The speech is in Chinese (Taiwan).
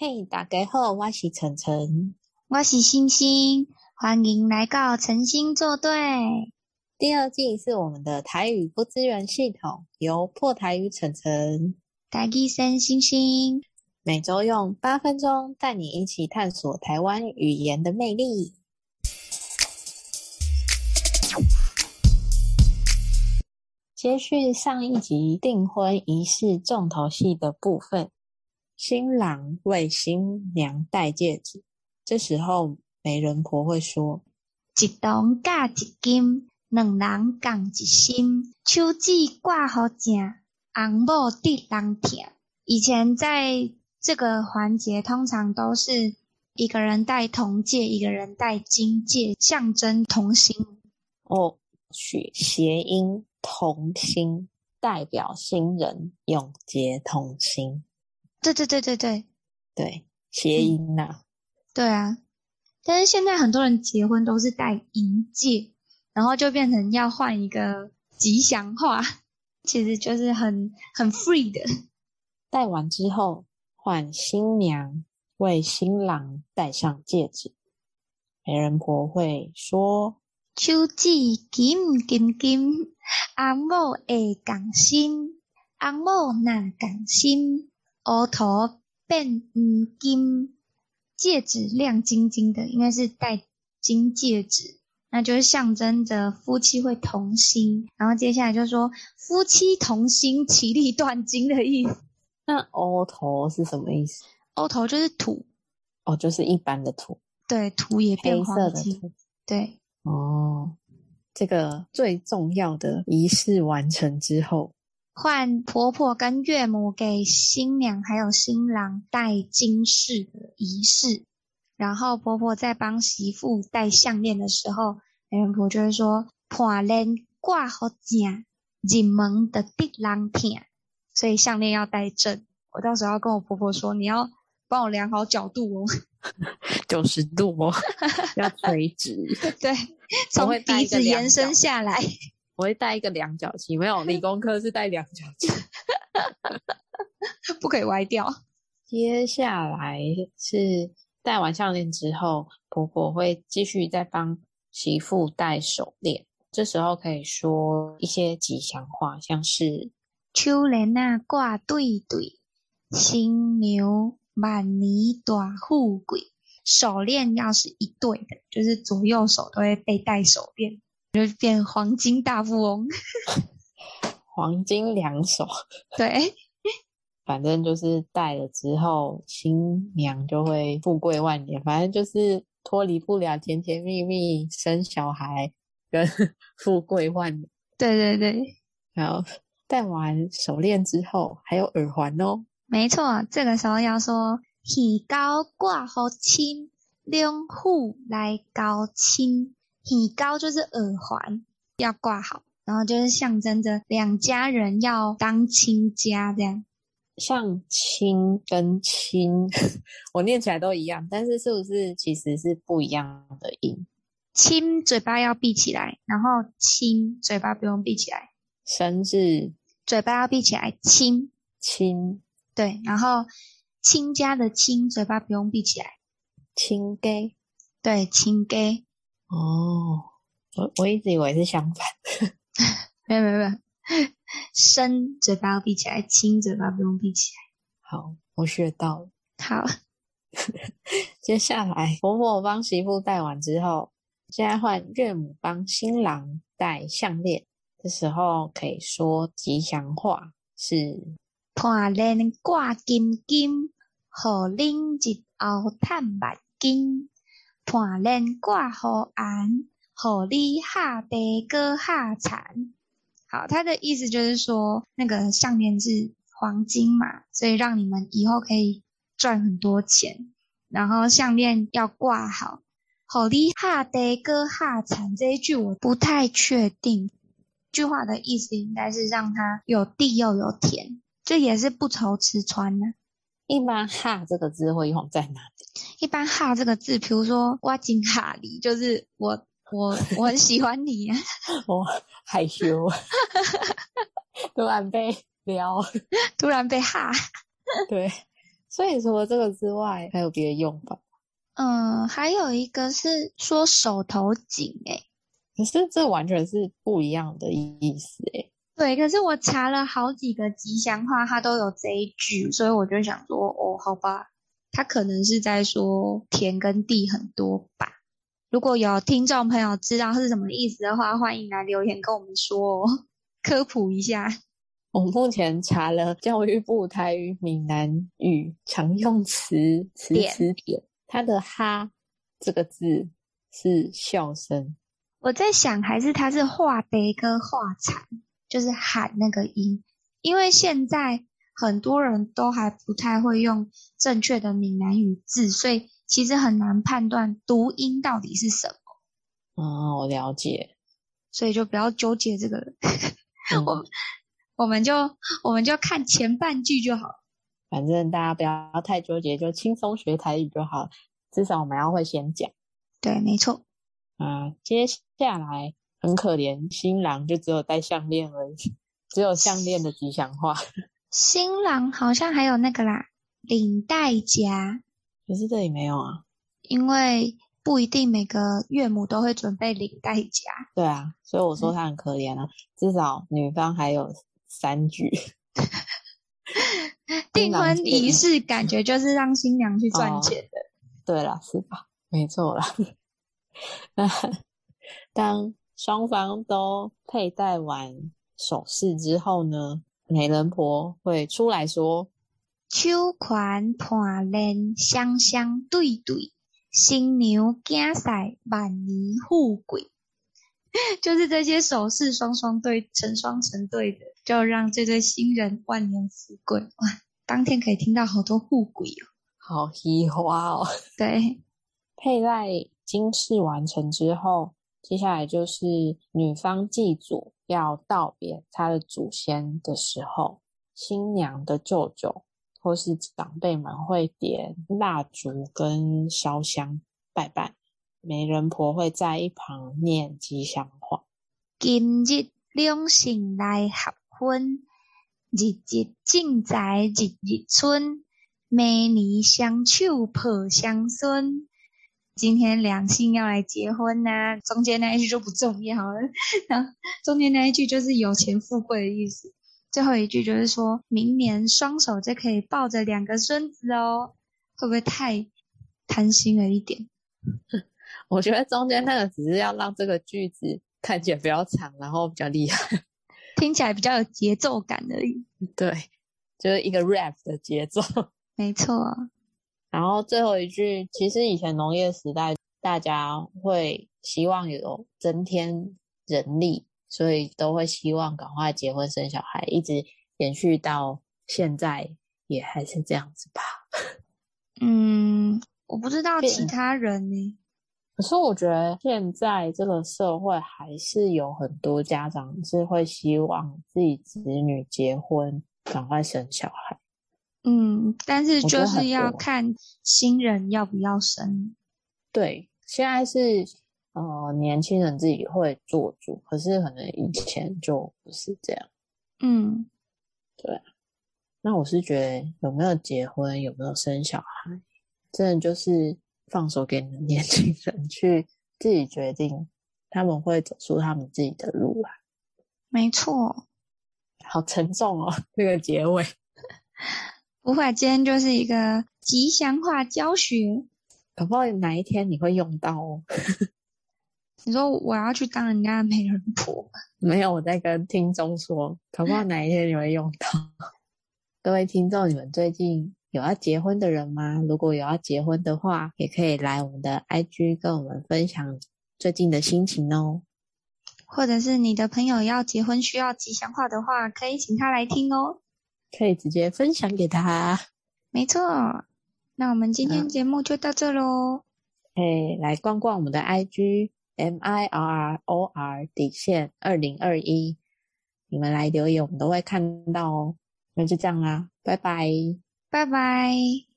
嘿，hey, 大家好，我是岑岑，我是芯芯，歡迎來到岑芯作對第二季，是我們的台語不支援系統，由破台語岑岑打給三星星，每周用八分鐘帶你一起探索台灣語言的魅力。接續上一集訂婚儀式重頭戲的部分。新郎為新娘戴戒指，這時候媒人婆會說：“一銅加一金，兩人共一心，手指掛好正，紅某得人疼。”以前在這個環節，通常都是一個人戴銅戒，一個人戴金戒，象徵同心哦，取諧音同心，代表新人永結同心。對對對對對對，諧音吶，對啊，但是現在很多人結婚都是戴銀戒，然後就變成要換一個吉祥話，其實就是很很 free 的。戴完之後，換新娘為新郎戴上戒指，媒人婆會說：“秋季金金金，阿莫會講心，阿莫難講心。”哦頭變嗯金戒指，亮晶晶的，應該是戴金戒指，那就是象徵着夫妻會同心。然後接下來就是說，夫妻同心，其利斷金的意思。那哦頭是什麼意思？哦頭就是土，哦，就是一般的土，對，土也變黃金，黑色的土，對，哦，這個最重要的儀式完成之後。換婆婆跟岳母，給新娘還有新郎戴金飾的儀式，然後婆婆在幫媳婦戴項鏈的時候，媒人婆就會說：“破鏈掛好正，進門的得人疼，所以項鏈要戴正。”我到時候要跟我婆婆說，你要幫我量好角度哦，九十度，哦，要垂直， 對，從鼻子延伸下來。我會戴一個量角器，沒有，理工科是戴量角器， 不可以歪掉。接下來是戴完項鏈之後，婆婆會繼續再幫媳婦戴手鏈，這時候可以說一些吉祥話，像是手鍊啊掛對對，新娘萬年大富貴。手鏈要是一對的，就是左右手都會被戴手鏈就變黃金大富翁， 黃金兩手，對，反正就是戴了之後，新娘就會富貴萬年，反正就是脫離不了甜甜蜜蜜生小孩跟富貴萬年。對對對，然後戴完手鏈之後，還有耳環哦、喔。沒錯，這個時候要說“喜高掛福親，兩戶來高親”。米高就是耳環，要掛好，然後就是象徵着兩家人要當親家這樣。像親跟親，我念起來都一樣，但是是不是其實是不一樣的音？親，嘴巴要閉起來，然後親，嘴巴不用閉起來。繩子日，嘴巴要閉起來。親親，對，然後親家的親，嘴巴不用閉起來。親給家，對，親給。哦，我我一直以為是相反， 沒有沒有沒有，生嘴巴不閉起來，親嘴巴不用閉起來。好，我學到了。好， 接下來婆婆幫媳婦戴完之後，現在換岳母幫新郎戴項鏈，這時候可以說吉祥話，是掛鍊掛金金，賀恁一奧嘆白金。項鍊掛好安，好利哈得哥哈產。好，他的意思就是說，那個項鏈是黃金嘛，所以讓你們以後可以賺很多錢。然後項鏈要掛好，好利哈得哥哈產。這一句我不太確定，句話的意思應該是讓他有地又有田，這也是不愁吃穿呢、啊。一般哈這個字會用在哪裡？一般哈這個字，比如說“我真哈你”，就是我我我很喜歡你。 我害羞， 突然被撩，突然被哈。對，所以說這個之外還有別的用法。嗯，還有一個是說手頭緊、欸，哎，可是這完全是不一樣的意思、欸，哎。對，可是我查了好幾個吉祥話，它都有這一句，所以我就想說，哦，好吧，它可能是在說田跟地很多吧。如果有聽眾朋友知道是什麼意思的話，歡迎來留言跟我們說，科普一下。我目前查了教育部台語閩南語常用詞詞詞典，它的“哈”這個字是笑聲。我在想，還是他是畫悲跟「畫慘？就是喊那個音，因為現在很多人都還不太會用正確的閩南語字，所以其實很難判斷讀音到底是什麼。嗯，我了解，所以就不要糾結這個， 嗯，我我們就我們就看前半句就好了。反正大家不要太糾結，就輕鬆學台語就好了。至少我們要會先講。對，沒錯。嗯，接下來。很可憐，新郎就只有戴項鏈而已，只有項鏈的吉祥話。新郎好像還有那個啦，領帶夾。可是這裡沒有啊，因為不一定每個岳母都會準備領帶夾。帶，對啊，所以我說他很可憐啊，嗯、至少女方還有三句。訂婚 儀式感覺就是讓新娘去賺錢的。哦、對啦，是吧？沒錯啦。 當。雙方都佩戴完首飾之後呢，媒人婆會出來說：“秋款盤鏈，香香對對，新娘囝婿萬年富貴。 ”就是這些首飾雙雙對，成雙成對的，就讓這對新人萬年富貴。哇，當天可以聽到好多“富貴”哦，好喜花哦。對，佩戴金飾完成之後。接下來就是女方祭祖，要道別她的祖先的時候，新娘的舅舅或是長輩們會點蠟燭跟燒香拜拜，媒人婆會在一旁念吉祥話：今日兩姓來合婚，日日進宅，日日春，每年相處抱相孫。今天兩姓要來結婚吶、啊，中間那一句就不重要了。然後中間那一句就是有錢富貴的意思，最後一句就是說明年雙手就可以抱着兩個孫子哦，會不會太貪心了一點？我覺得中間那個只是要讓這個句子看起來比較長，然後比較厲害，聽起來比較有節奏感而已。對，就是一個 rap 的節奏。沒錯。然後最後一句，其實以前農業時代，大家會希望有增添人力，所以都會希望趕快結婚生小孩，一直延續到現在也還是這樣子吧。嗯，我不知道其他人呢。可是我覺得現在這個社會還是有很多家長是會希望自己子女結婚，趕快生小孩。嗯，但是就是要看新人要不要生。對，現在是呃年輕人自己會做主，可是可能以前就不是這樣。嗯，對。那我是覺得有沒有結婚，有沒有生小孩，真的就是放手給你的年輕人去自己決定，他們會走出他們自己的路來。沒錯。好沉重哦，這個結尾。 無法今天就是一個吉祥話教學。可不可以，哪一天你會用到哦？ 你說我要去當人家的媒人婆？沒有，我在跟聽眾說，可不可以，哪一天你會用到？ 各位聽眾，你們最近有要結婚的人嗎？如果有要結婚的話，也可以來我們的 IG 跟我們分享最近的心情哦。或者是你的朋友要結婚需要吉祥話的話，可以請他來聽哦。可以直接分享給他，沒錯。那我們今天節目就到這嘍。哎、嗯，okay, 來逛逛我們的 IG M I R O R 底線二零二一，你們來留言，我們都會看到哦。那就這樣啦、啊，拜拜，拜拜。